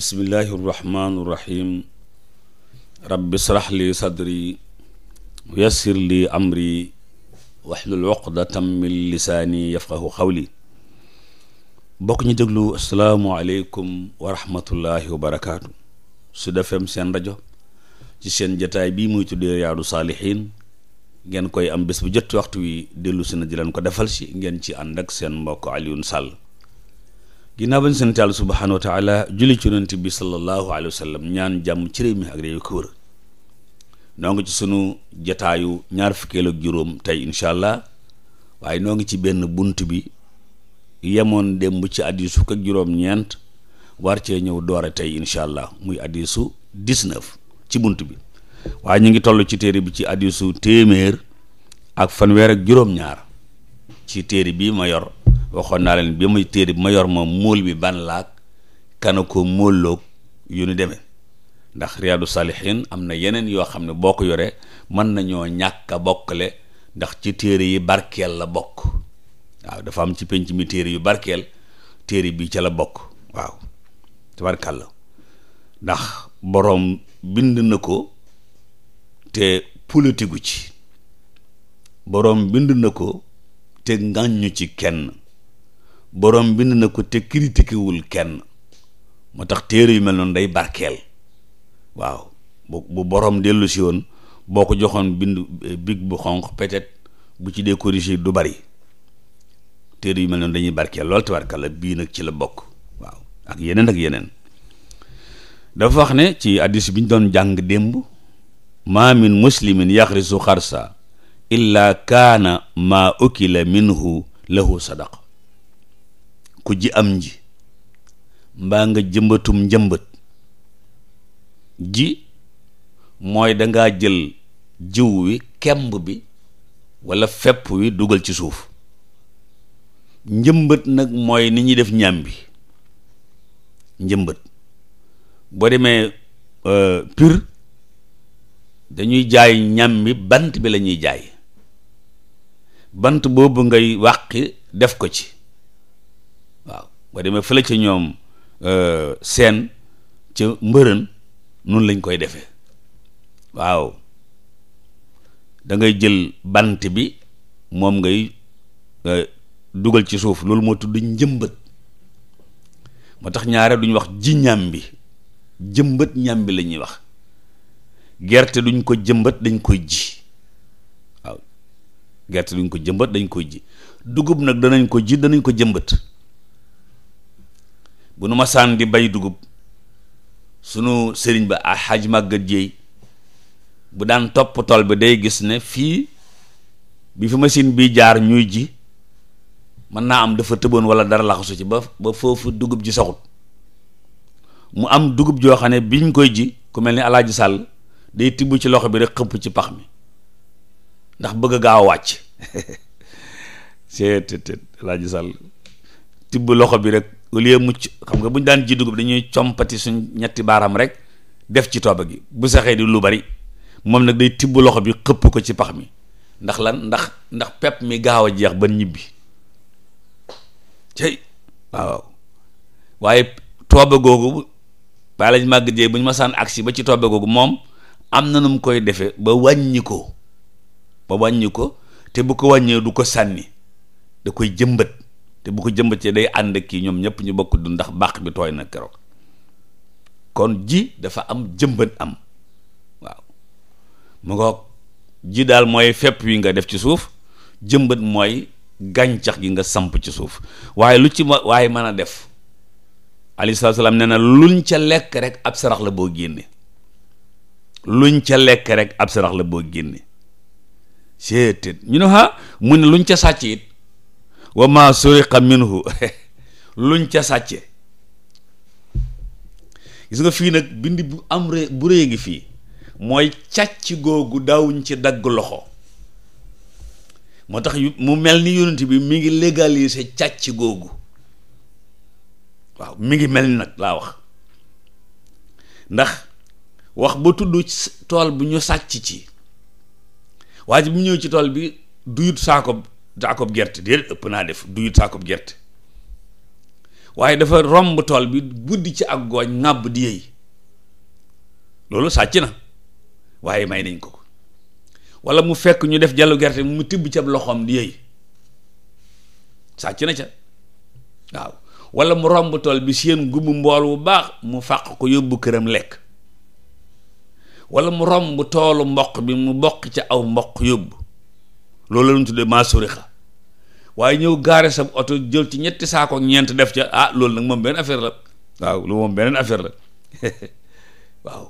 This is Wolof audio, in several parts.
bismillahi rrahmani rrahim rabbi israh li sadri yassir li amri waxlul uqdatam min lisaani yafqahu xawli bokk ñu déglu asalaamualeykum wa rahmatullahi wa barakaatu su FM seen rajo ci seen jataay bii muy tuddee Riyadou Salihine ngeen koy am bés bu jot waxtu wi dellu si na di leen ko defal si ngeen ci ànd ak seen mbokk Alioune sal ginnaaw bañ sant Yàlla subhaanahu wa taala julli ci yonent bi sallallahu alayhi wa sallam ñaan jàmm ci réew mi ak réew ko noo ngi ci sunu jataayu ñaar fukkeel ak juróom tey incha allah waaye noo ngi ci benn bunt bi yemoon démb ci addisu fukk ak juróom-ñeent war cee ñëw doore tey incha allah muy addisu 19 ci bunt bi waaye ñu ngi toll ci téere bi ci addisu téeméer ak fanweer ak juróom-ñaar ci téere bi ma yor waxoon naa leen bi muy téere bi ma yor moom móol bi ban laag kana ko yu nu deme ndax riyaadu saalihin am na yeneen yoo xam ne boo ko yoree mën nañoo ñàkk a bokkale ndax ci téere yi barkeel la bokk waaw dafa am ci penc mi téere yu barkeel téere bi ca la bokk waaw tabarkàlla ndax boroom bind na ko te politigu ci boroom bind na ko te ngàññu ci kenn borom bind na ko te critiqué wul kenn moo tax téere yu mel noonu day barkeel waaw bu bu boroom dellu si woon boo ko joxoon bind eh, big bu xonq peut-être bu ci dee corrigé du bari téere yu mel noonu dañuy barkeel lool tabarkalla bii nag ci la bokk waaw ak yeneen ak yeneen dafa ne ci hadiis bi doon jàng démb maa min muslimin yaxrisu xarsa illa kaana maa ukila minhu lahu sadaqa ku ji am nji mbaa nga jëmbatum njëmbët ji mooy dangaa jël jiw wi kemb bi walla fepp wi dugal ci suuf njëmbat nag mooy ni ñuy def ñam bi njëmbat boo demee uh, dañuy jaay ñam bi bant bi lañuy jaay bant boobu ngay wàqi def ko ci ba demee fële ca ñoom euh, seen ca mbërën nun lañ koy defee waaw dangay jël bant bi moom ngay euh, dugal ci suuf loolu moo tudd njëmbët moo tax ñaare duñ wax ji ñàmbi jëmbët ñàmbi la ñuy wax gerte duñ ko jëmbët dañ koy ji waaw gerte duñ ko jëmbët dañ koy ji dugub nag danañ ko ji danañ ko jëmbët bu nu masaan di bay dugub sunu sëriñ ba alxaaj màggat jéey bu daan topp tool bi day gis ne fii bi fi machine bi jaar ñuy ji mën naa am dafa tëboon wala dara laxasu ci ba ba foofu dugub ji saxut mu am dugub joo xam ne bi biñ koy ji ku mel ni alaaji sàll day tibb ci loxo bi rek xëpp ci pax mi ndax bëgg gaaw wàcc seet alaaji sàll tibb loxo bi rek au mucc xam nga bu daan ji dugub dañuy suñ ñetti baaraam rek def ci tooba gi bu saxee di lu bari moom nag day tibb loxo bi xëpp ko ci pax mi ndax lan ndax ndax pepp mi gaaw a jeex ba ñibbi cey waaw waaye tooba googu màgg jee bu ñu ma saan agsi ba ci tooba googu moom am na nu mu koy defee ba wàññi ko ba wàññi te bu ko wàññee du ko sànni da koy jëmbat te bu ko jëmbatee day ànd ak kii ñoom ñëpp ñu bokk du ndax bàq bi tooy na keroog kon ji dafa am jëmbët am waaw mu ngoog ji daal mooy fepp wi nga def ci suuf jëmbët mooy gàncax gi nga samp ci suuf waaye lu ci ma waaye mën a def alayhi salaam nee na luñ ca lekk rek ab sarax la boo génne luñ ca lekk rek ab sarax la boo génne seetet ñu ne ha mu ne luñ ca sàcc it wa ma suriqa luñ ca sàcce gis nga fii nag bind bu am re bu rëy ngi fii mooy càcc googu daawuñ ci dagg loxo moo tax mu mel ni yonent bi mi ngi légaliser càcc googu waaw mi ngi mel ni nag laa wax ndax wax ba tudd tool bu ñu sàcc ci waa ji bu ñëw ci tool bi duyut saako saakoob gerte déedéet ëpp naa def duyut saakoob gerte waaye dafa romb tool bi buddi ci ak gooñ nàbb di yëy loolu sàcc na waaye may nañ ko wala mu fekk ñu def jallu gerte mu tibb ci loxoom di yëy sàcc na ca waaw wala mu romb tool bi seen gumbu mbool bu baax mu fàq ko yóbbu këram lekk wala mu romb toolu mboq bi mu bokk ca aw mboq yóbbu loolu la ñu maa suriqa waaye ñëw gaare sa oto jël ci ñetti saako ñeent def ca ah loolu nag moom benn affaire la waaw lu moom beneen affaire la waaw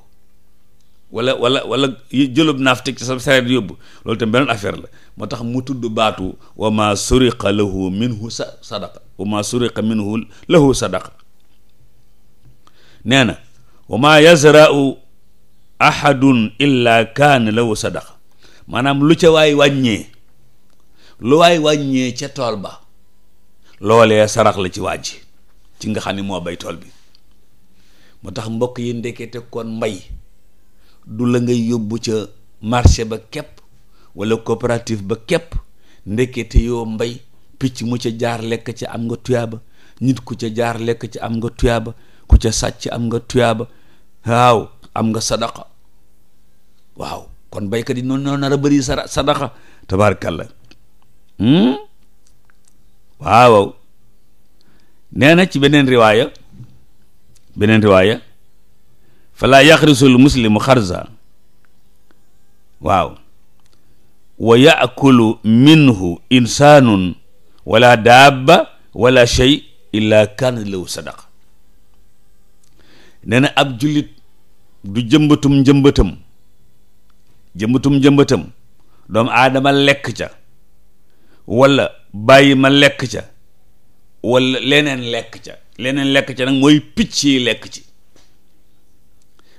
wala wala wala jëlub naaftik ci sa sareet yóbbu loolu tam beneen affaire la moo tax mu tudd baatu wa ma suriqa lahu minhu sa sadaqa wa ma suriqa minhu lahu sadaqa nee na wa ma yazra'u ahadun illa kaana lahu sadaqa maanaam lu ca waay wàññee lu waay wàññee ca tool ba loolee sarax la ci waaj ci nga xam ne moo bay tool bi moo tax mbokk yi ndekete kon mbay du la ngay yóbbu ca marché ba képp wala coopérative ba képp ndekete yoo mbay picc mu ca jaar lekk ci am nga tuyaaba nit ku ca jaar lekk ci am nga tuyaaba ku ca sàcc am nga tuyaaba waaw am nga sadaqa waaw kon baykat yi noonu noonu naa nar a bëri sadaqa la Hmm? waaw nee na ci beneen riwaaya beneen riwaaya falaa yaxrisul muslimu xarza waaw wa yaakulu minhu insaanun wala daaba wala shay illa kaana lahu sadaqa nee ab jullit du jëmbatum njëmbatam jëmbatum njëmbatam aadama lekk ca wala bàyyi ma lekk ca wala leneen lekk ca leneen lekk ca nag mooy picc yi lekk ci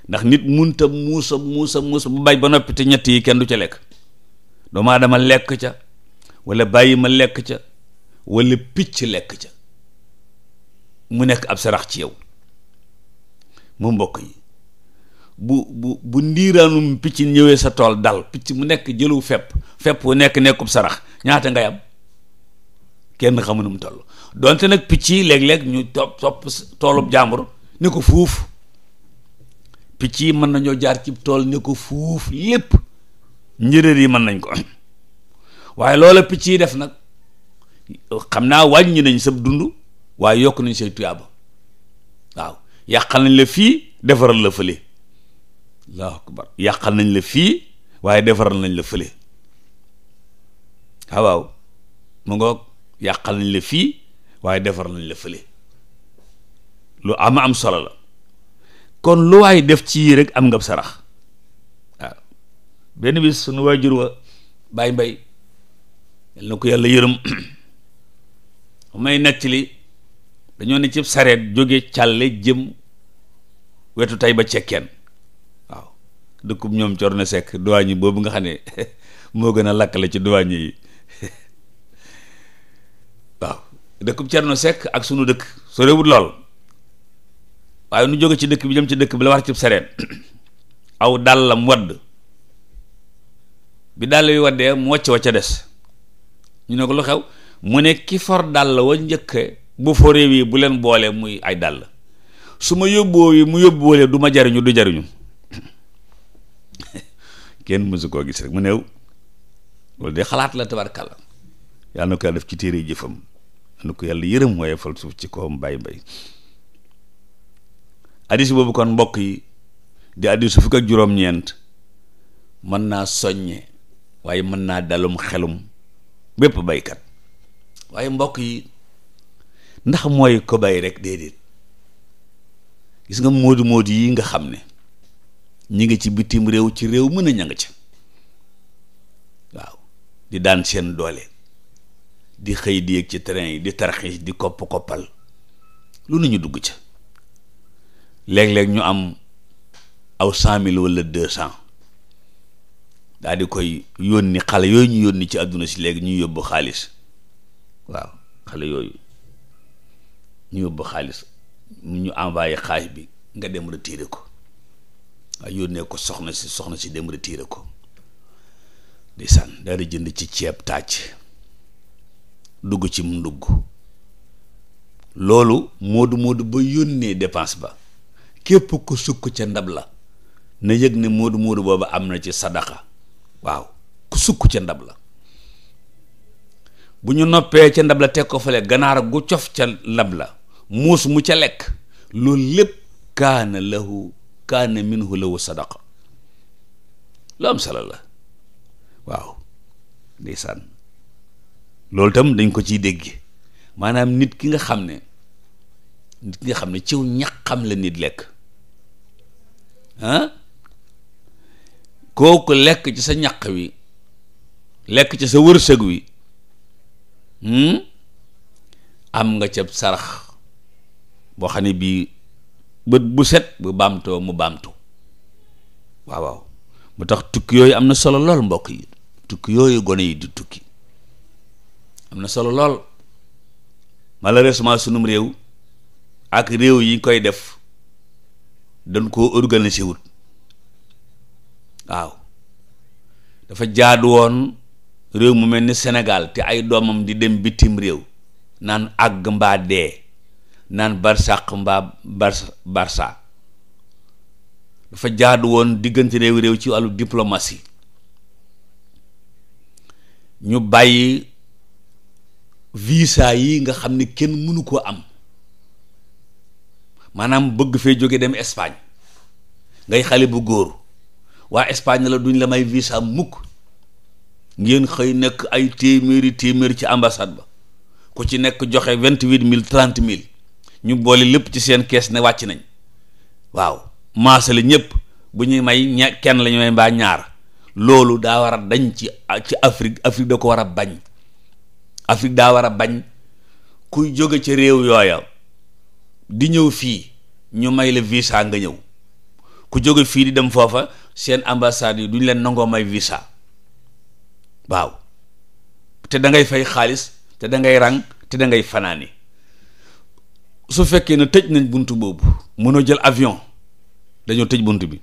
ndax nit munta muusa muusa muusa bu bay ba noppi te ñett yi kenn du ca lekk doomu aadama lekk ca walla bàyyi ma lekk ca wala picc lekk ca mu nekk ab sarax ci yow mu mbokk yi bu bu bu ndiiraanum picc ñëwee sa tool dal picc mu nekk jëlu fepp fepp wu nekk nekkub sarax ñaata ngay am kenn xamu nu mu toll donte nag picc yi léeg-léeg ñu topp topp toolub jàmbur ni ko fuuf picc yi mën nañoo jaar cib tool ni ko fuuf lépp njëréer yi mën nañ ko waaye loola picc yi def nag xam naa wàññi nañ sa dund waaye yokk nañ say tuyaaba waaw yàqal nañ la fii defaral la fële allahu akbar yàqal nañ la fii waaye defaral nañ la fële ah, waaw mu ngoog yàqal nañ la fii waaye defar nañ la fële lu am am solo la kon lu waay def ci yii rek am nga sarax waaw benn bis sunu waajur wa bàyyi mbay yal ko yàlla yërëm may nettali dañoo ne ci sareet jóge càlle jëm wetu tey ba cekkeen dëkkub ñoom Corne Seck duwaañ boobu nga xam ne moo gën a lakkale ci duwaañ yi waaw dëkkub Corne sekk ak sunu dëkk sorewut lool waaye nu jóge ci dëkk bi jëm ci dëkk bi la war ci sereen aw dàllam wadd bi dàll bi waddee mu wacc wacca des ñu ne ko lu xew mu ne ki for dàll wa njëkk bu foree wi bu leen boole muy ay dàll su ma yóbboo wi mu yóbboole du ma jariñu du jariñu kenn mësu koo gis mu néew loolu de xalaat la tabarkàlla yàlla na ko yàlla def ci téere jëfam na ko yàlla yërëm waaye fal suuf ci kawam bàyyi mbay addis boobu kon mbokk yi di addis fukk ak juróom-ñeent mën naa soññe waaye mën naa dalum xelum bépp baykat waaye mbokk yi ndax mooy ko bay rek déedéet gis nga moodu moodu yi nga xam ne ñu ngi ci bitim réew ci réew mën a ña nga ca waaw di daan seen doole di xëy di yéeg ci train yi di tarxiis di kopp-koppal lu nañu dugg ca léeg-léeg ñu am aw sant mille wala deux cent daal di koy yónni xale yooyu ñu yónni ci àdduna si léegi ñu yóbbu xaalis waaw xale yooyu ñu yóbbu xaalis ñu envoyé xaalis bi nga dem retiré ko waaye yónnee ko soxna si soxna si dem retiré ko di sàn daal di jënd ci ceeb tàcc dugg ci mu ndugg loolu moodu moodu ba yónnee dépense ba képp ku sukk ca ndab la na yëg ne moodu moodu booba am na ci sadaqa waaw ku sukk ca ndab la bu ñu noppee ca ndab la teg ko fale ganaar gu cof ca ndab la muus mu ca lekk loolu lépp kaana lahu kaana minhu lawu sadaqa lu am solo la waaw ndeysaan loolu tam dañ ko ciy dégg maanaam nit ki nga xam ne nit ki xam ne ciw ñaqam la nit lekk ah kooku lekk ci sa ñaq wi lekk ci sa wërsëg wi hmm? am nga cab sarax boo xam ne bii bët bu set bu baamtoo mu baamtu waaw waaw mu tax tukki yooyu am na solo lool mbokk yi tukki yooyu gone yi di tukki am na solo lool malheureusement sunum réew ak réew yi koy def dañ koo organiser wut waaw dafa jaadu woon réew mu mel ni Sénégal te ay doomam di dem bitim réew naan àgg mbaa dee naan barsàq mbaa bars barsa dafa jaadu woon diggante réew réew ci wàllu diplomatie ñu bàyyi visa yi nga xam ni kenn mënu koo am maanaam bëgg fee jóge dem Espagne ngay xale bu góor waa Espagne la duñ la may visa mukk ngeen xëy nekk ay téeméeri téeméer ci ambassade ba ku ci nekk joxe vingt-huit mille trente mille ñu boole lépp ci seen kees ne wàcc nañ waaw la ñëpp bu ñuy may ña kenn lañu ñu may mbaa ñaar loolu daa war a dañ ci Afrique Afrique da ko war a bañ Afrique daa war a bañ kuy jóge ci réew yooya di ñëw fii ñu may la visa nga ñëw ku jóge fii di dem foofa seen ambassade yi duñ leen nangoo may visa waaw te da ngay fay xaalis te da ngay rang te da ngay fanaani su fekkee ne tëj nañ bunt boobu mënoo jël avion dañoo tëj bunt bi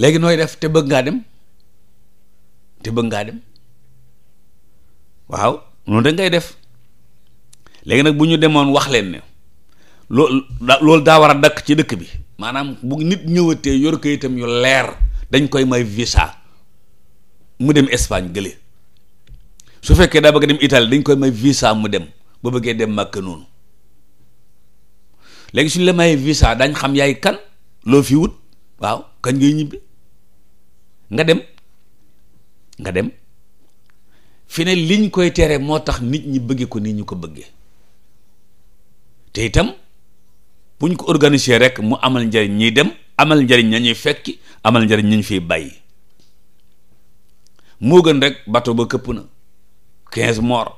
léegi nooy def te bëgg ngaa dem te bëgg ngaa dem waaw noonu da ngay def léegi nag bu ñu demoon wax leen ne loolu da loolu daa war a dakk ci dëkk bi maanaam bu nit ñëwatee yor kayitam yu leer dañ koy may visa mu dem Espagne gële su fekkee daa bëgg dem Italie dañ koy may visa mu dem ba bëggee dem màkk noonu léegi suñ la mayee visa dañ xam yaay kan loo fi wut waaw kañ ngay ñibbi nga dem nga dem fi ne liñ koy tere moo tax nit ñi bëgge ko nii ñu ko bëggee te itam buñ ko organiser rek mu amal njariñ ñiy dem amal njariñ ña ñuy fekki amal njariñ ña fi fiy bàyyi moo gën rek bato ba këpp na quinze morts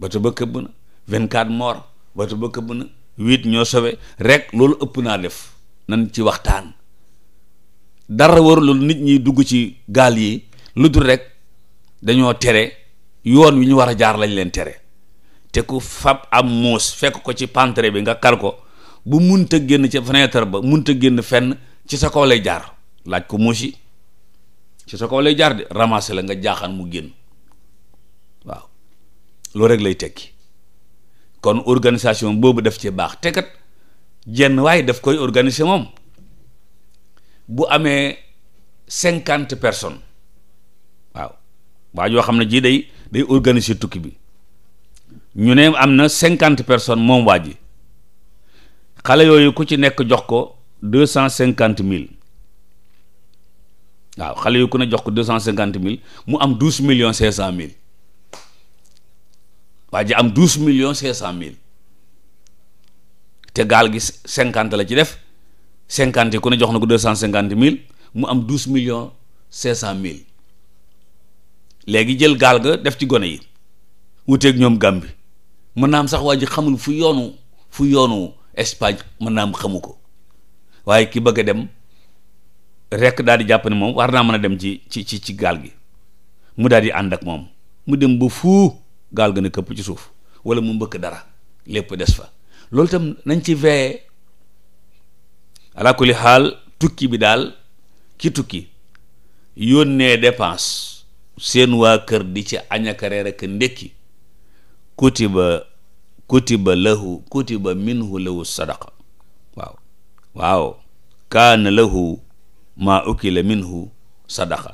bato ba këpp na vingt-quatre morts bato ba këpp na huit ñoo sobe rek loolu ëpp naa def nan ci waxtaan dara warul nit ñi dugg ci gaal yi lu dul rek dañoo tere yoon wi ñu war a jaar lañ leen tere te ku fab am muus fekk ko ci pantre bi nga kar ko bu munta génn ca fenêtre ba munta génn fenn ci sa kaw lay jaar laaj ko muus yi ci sa kaw lay jaar de ramasser la nga jaaxaan mu génn waaw loolu rek lay tekki kon organisation boobu def ci baax tegat kat jenn waaye daf koy organiser moom bu amee cinquante personnes waaw waa yoo xam ne jii day day organiser tukki bi ñu ne am na cinquante personnes moom waa ji xale yooyu ku ci nekk jox ko deux cent cinquante mille waaw xale yu ku ne jox ko deux cent cinquante mille mu am douze million cinq cent mille waa ji am douze million cinq cent mille te gaal gi cinquante la ci def cinquante yi ku ne jox na ko deux cent cinquante mille mu am douze million cinq cent mille léegi jël gaal ga def ci gone yi wuteeg ñoom Gàmbi mën naa am sax waa ji xamul fu yoonu fu yoonu Espagne mën naa am xamu ko waaye ki bëgg a dem rekk daal di jàpp ne moom war naa mën a dem ci ci ci ci gaal gi mu daal di ànd ak moom mu dem ba fuu gaal gën a këpp ci suuf wala mu mbëkk dara lépp des fa loolu itam nañ ci veillé ala kulli xaal tukki bi daal ki tukki yónnee dépense seen waa kër di ci añaka reer ak ndékki kutiba kutiba lahu kutiba minhu lahu sadaqa waaw kaana lahu maa ukila minhu sadaqa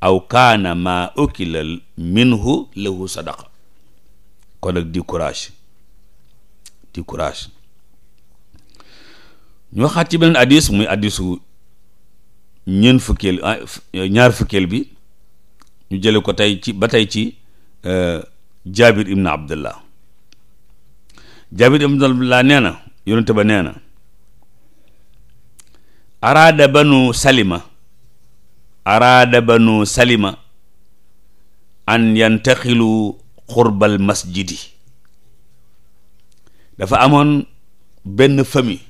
aw kaana maa ukila minhu kon nag di courage di courage ñu waxaat ci beneen addis muy addisu ñeent fukkeel ah, ñaar fukkeel bi ñu jële ko tey ci ba tey ci euh, jabir ibn abdullah jaabir ibn abdullah nee na yonente neena nee na araada banu salima araada banu salima an yantaxilu xurbal masjidi dafa amoon benn famille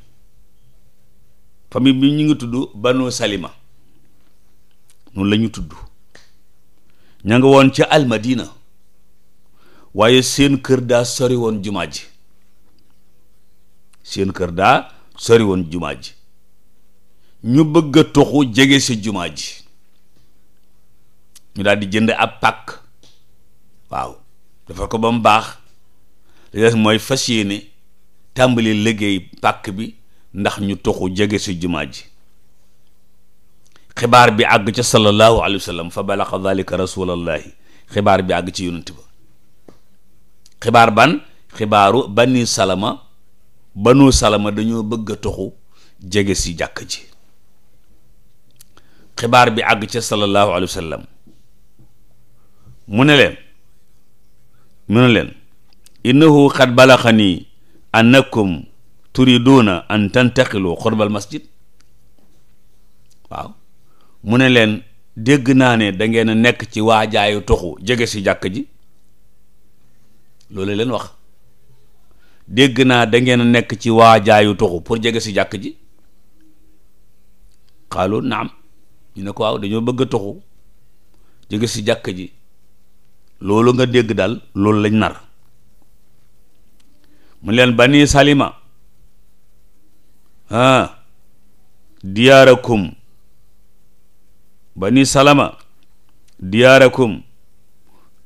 famille bi ñu ngi tudd banu salima noonu la ñu tudd ña nga woon ca almadina waaye seen kër daa sori woon jumaa ji seen kër daa sori woon jumaa ji ñu bëgg toxu jege si jumaa ji ñu daal di jënd ab pàkk waaw dafa ko ba mu baax li des mooy fas yéene tàmbali liggéey pàkk bi ndax ñu toxu jege si jumaa ji xibaar bi àgg ca sallallahu alayhi wa fa balaxa dalika rasulallahi xibaar bi àgg ci yonent ba xibaar ban xibaaru bani salama banu salama dañoo bëgg a toxu jege si jàkk ji xibaar bi àgg ca sallallahu alayhi wa sallam mu ne leen mu ne leen innahu xad balaxanii annakum turiduuna an tantaqilu xurbal masjid waaw mu ne leen dégg naa ne dangeen a nekk ci waajaayu toxu jege si jàkk ji loolu leen wax dégg naa dangeen a nekk ci waajaayu toxu pour jege si jàkk ji xaalu naam ñu ne ko waaw dañoo bëgg a toxu jege si jàkk ji loolu nga dégg daal loolu lañ nar mu leen bani salima ah diyaarakum bani salama diyaarakum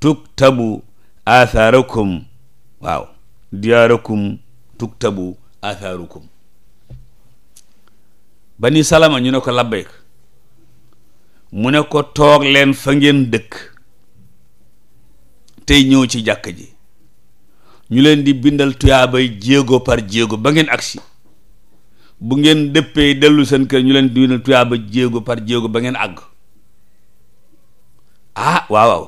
tuktabu athaarakum waaw diyaarakum tuktabu athaarukum bani salama ñu ne ko labbayk mu ne ko toog leen fa ngeen dëkk tey ñëw ci jàkk ji ñu leen di bindal tuyaabay jéego par jéego ba ngeen agsi bu ngeen dëppee dellu seen kër ñu leen di bindal tuyaaba jéego par jéego ba ngeen àgg ah waaw waaw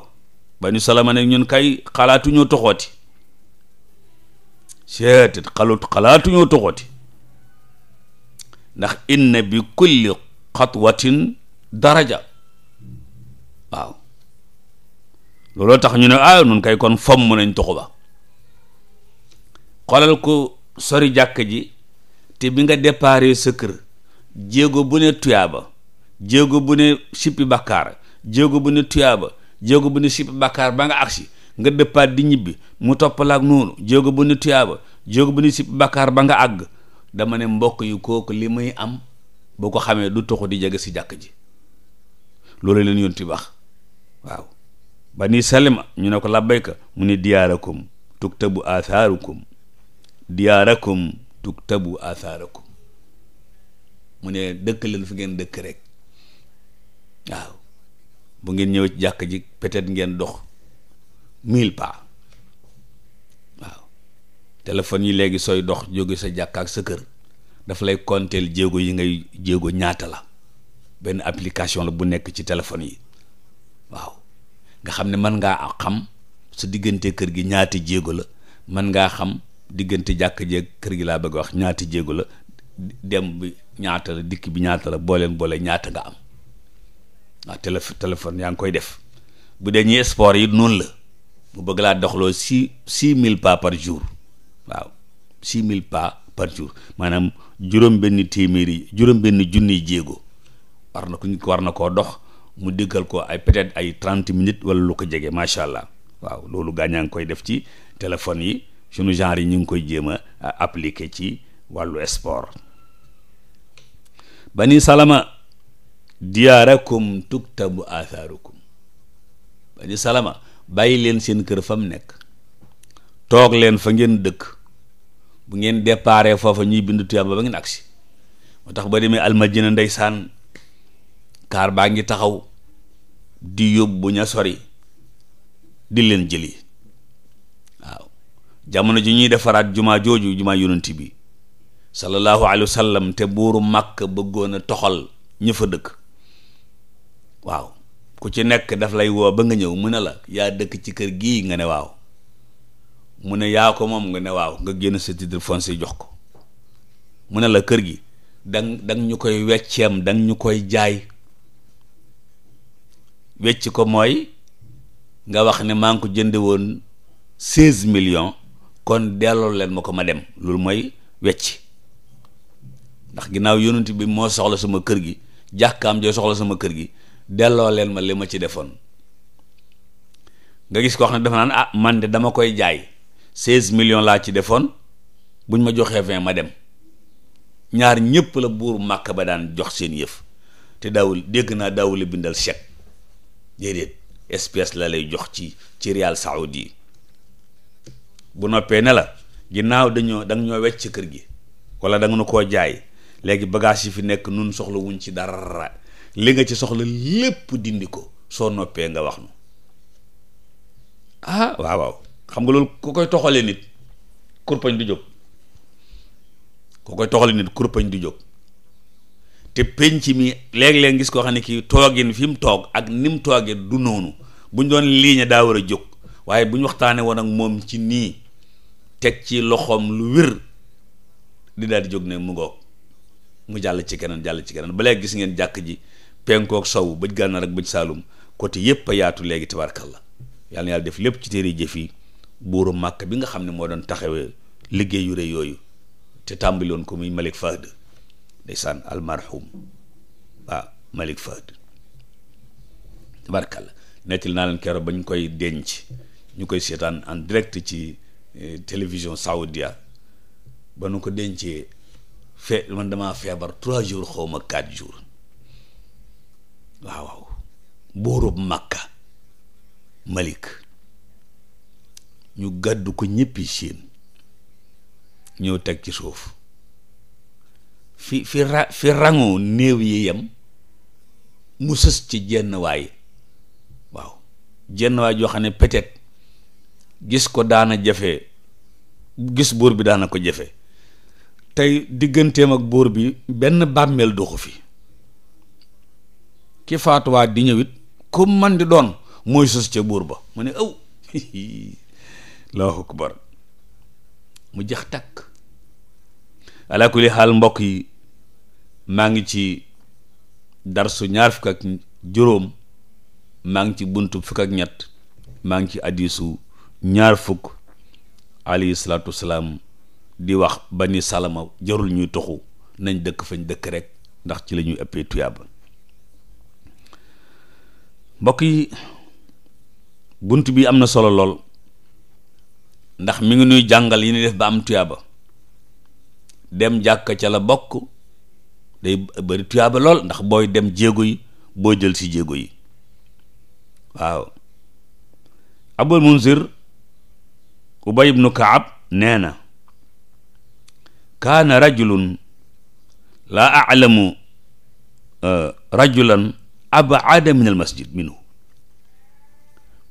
ba ñu salama ñun kay xalaatuñoo toxooti seetit xalut xalaatuñoo toxooti ndax inna bi kulli xatwatin daraja waaw looloo tax ñu ne ah nun kay kon fomm nañ toxu ba xoolal ko sori jàkk ji te bi nga déparé sa kër jéego bu ne tuyaaba jéego bu ne sippi bàkkaar jéego bu jéego bu ne sippi ba nga agsi nga dëppaat di ñibbi mu toppalaak noonu jéego bu ne jéego bu ne ba nga àgg dama ne mbokk yu kooku li muy am boo ko xamee du toxu di jege si jàkk ji loolu leen yonti ti waaw ba ni salima ñu ne ko labbayka mu ni diyaarakum tuktabu athaarukum diyaarakum tuktabu athaarukum mu ne dëkk leen fi ngeen dëkk rek waaw bu ngeen ñëwee ci jàkk ji peut-être ngeen dox mil pas waaw téléphone yi léegi sooy dox jóge sa jàkk ak sa kër dafa lay konteel jéego yi ngay jéego ñaata la benn application la bu nekk ci téléphone yi waaw nga xam ne man ngaa xam sa diggante kër gi ñaati jéego la man ngaa xam diggante jàkk jéeg kër gi laa bëgg wax ñaati jéego la dem bi ñaata la dikk bi ñaata la booleen boole ñaata nga am waaw téléph téléphone yaa ngi koy def bu dee ñuy sport yi noonu la mu bëgg laa doxloo six six mille pas par jour waaw six mille pas par jour maanaam juróom benn téeméeri juróom benn junniy jéego war na ko war na koo dox mu diggal ko ay peut-être ay trente minutes wala lu ko jege macha allah waaw loolu gaañaa ngi koy def ci téléphone yi sunu genre yi ñu ngi koy jéem a ci wàllu sport bani salama diyaarakum tuktabu athaarukum bani salama bàyyi leen seen kër fa mu nekk toog leen fa ngeen dëkk bu ngeen déparé foofa ñuy bind tuyaaba ba ngeen agsi moo tax ba demee almajina ndeysaan kaar baa ngi taxaw di yóbbu ña sori di leen jëli waaw jamono ji ñuy defaraat jumaa jooju jumaa yonent bi sallallahu alayhi wa sallam te buuru makk bëggoon a toxal ña dëkk waaw ku ci nekk daf lay woo ba nga ñëw mu ne la yaa dëkk ci kër gii nga ne waaw mu ne yaa ko moom nga ne nga génn sa titre jox ko mu ne la kër gi dang dang ñu koy wecceem dang ñu koy jaay wecci ko mooy nga wax ne maa ngi ko jënde woon seize million kon delloo leen ma ko ma dem loolu mooy wecc ndax ginnaaw yonent bi moo soxla sama kër gi jàkkaam joo soxla sama kër gi delloo leen ma li ma ci defoon nga gis ko xam ne dafa naan ah man de dama koy jaay seize million laa ci defoon buñ ma joxee vingt ma dem ñaar ñëpp la buur màkk ba daan jox seen yëf te daawul dégg naa daawul bindal chèque déedéet espèce la lay jox ci ci rial saoudi yi bu noppee ne la ginnaaw dañoo da nga ñoo wecc kër gi wala da nga nu koo jaay léegi bagage yi fi nekk nun soxla wuñ ci dara li nga ci soxla lépp dindi ko soo noppee nga wax nu ah waaw waaw xam nga loolu ku koy toxalee nit kurpañ du jóg ku koy toxalee nit kurpañ du jóg te penc mi léeg-léeg gis koo xam ne kii toogin fi mu toog ak ni mu toogee du noonu bu ñu doon liiñe daa war a jóg waaye bu ñu waxtaanee woon ak moom ci nii teg ci loxoom lu wér di daal di jóg ne mu ngoog mu jàll ci kenaan jàll ci keneen ba léegi gis ngeen jàkk ji penkook sow bëj gànnaar ak bëj saalum côté yépp a yaatu léegi tabarkalla yàlla na yàlla def lépp ci téere jëf yi buuru màkk bi nga xam ne moo doon taxawee liggéey yu rëy yooyu te tàmbali woon ko muy ndeysaan almarhum malik Malick Fahd tabarkàlla nettil naa leen keroog ba ñu koy denc ñu koy seetaan en direct ci eh, télévision saoudia ba nu ko dencee fe man damaa feebar trois jours xawma ma quatre jours waaw waaw bóorub Makka Malick ñu gàddu ko ñëppi Chine ñëw teg ci suuf fi fi ra fi rango néew yi yem mu sës ci jenn waay waaw jenn waay joo xam ne peut gis ko daana jafe gis buur bi daana ko jafe tey digganteem ak buur bi benn bàmmeel doxu fi ki faatuwaat di ñëwit ku man di doon mooy sës ca buur ba mu ne aw allahu akbar mu jax takk ala kulli xaal mbokk yi maa ngi ci darsu ñaar fukk ak juróom maa ngi ci buntu fukk ak ñett maa ngi ci hadiisu ñaar fukk alayhi salaatu di wax ba ni salama jarul ñuy toxu nañ dëkk fañ dëkk rekk ndax ci la ñuy ëppee tuyaaba mbokk yi bunt bi am na solo lool ndax mu ngi nuy jàngal yi ñuy def ba am tuyaaba dem jàkk ca la bokk day bëri tuyaaba lool ndax booy dem jéego yi boo jël si jéego yi waaw abul munzir ubay ibnu kaab nee na kaana rajulun laa alamu eh, rajulan abaada min al masjid minhu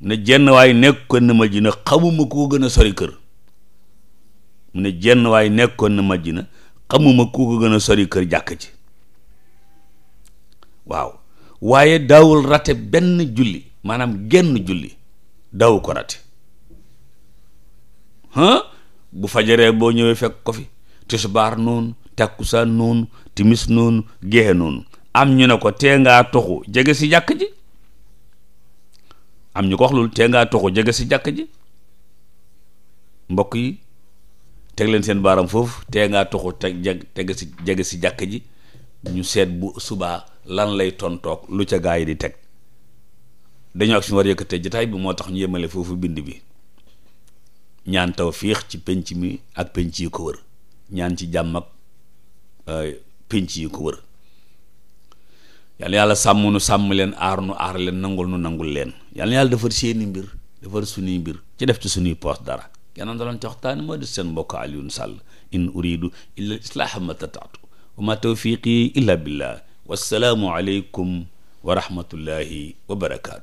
mu jenn waay nekkoon na jina xamuma koo ko gën a sori kër mu ne jenn waay nekkoon na jina xamuma ku ko gën a sori kër jàkk ci waaw waaye daawul rate benn julli maanaam genn julli daawu ko rate bu fajaree boo ñëwee fekk ko fi tisbaar noonu takkusaan noonu timis noonu gexe noonu am ñu ne ko tee ngaa toxu jege si jàkk ji am ñu ko wax loolu tee ngaa toxu jege si jàkk ji mbokk yi teg leen seen baaram foofu tee ngaa toxu teg jege jege si jàkk ji ñu seet bu subaa lan lay tontoog lu ca gaa yi di teg dañoo ak suñu war yëkkatee jotaay bi moo tax ñu yemale foofu bind bi ñaan tawfiix ci penc mi ak penc yi ko wër ñaan ci jàmm ak euh, penc yi ko wër yàlla yàlla sàmm nu sàmm leen aar nu aar leen nangul nu nangul leen yàlla yàlla defar seeni mbir defar suñuy mbir ci def ci suñuy poos dara yanaan daloon ci waxtaani moo di seen mbokk Alioune Sall in uridu illa islaaha ma tataatu wa ma tawfiqi illa billah wassalaamu aleykum wa rahmatullahi wa barakaatu